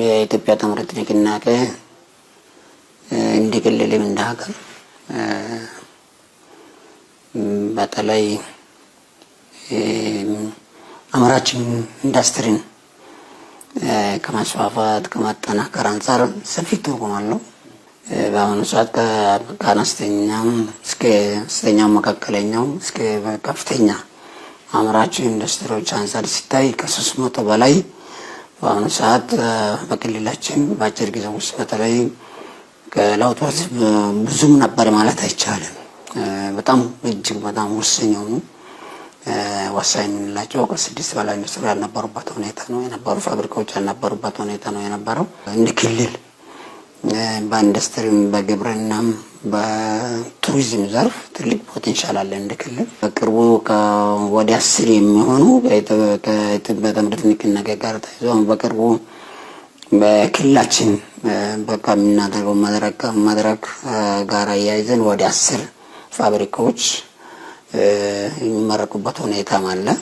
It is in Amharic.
የኢትዮጵያ ትምህርት ንቅናቄ እንደ ክልልም እንደ ሀገር በተለይ አምራችን ኢንዱስትሪን ከማስፋፋት ከማጠናከር አንጻር ሰፊ ትርጉም አለው። በአሁኑ ሰዓት ከአነስተኛም እስከ አነስተኛው መካከለኛው እስከ ከፍተኛ አምራች ኢንዱስትሪዎች አንጻር ሲታይ ከሶስት መቶ በላይ በአሁኑ ሰዓት በክልላችን በአጭር ጊዜ ውስጥ በተለይ ከለውጥ ወት ብዙም ነበር ማለት አይቻልም። በጣም እጅግ በጣም ውስኝ የሆኑ ወሳኝ የምንላቸው ከስድስት በላይ ኢንዱስትሪ ያልነበሩበት ሁኔታ ነው የነበሩ ፋብሪካዎች ያልነበሩበት ሁኔታ ነው የነበረው እንደ ክልል በኢንዱስትሪም በግብርናም በቱሪዝም ዘርፍ ትልቅ ፖቴንሻል አለ። እንደ ክልል በቅርቡ ወደ አስር የሚሆኑ በጥምረት ንቅናቄ ጋር ተይዞ በቅርቡ በክልላችን በቃ የምናደርገው መድረክ መድረክ ጋር አያይዘን ወደ አስር ፋብሪካዎች የሚመረቁበት ሁኔታም አለ።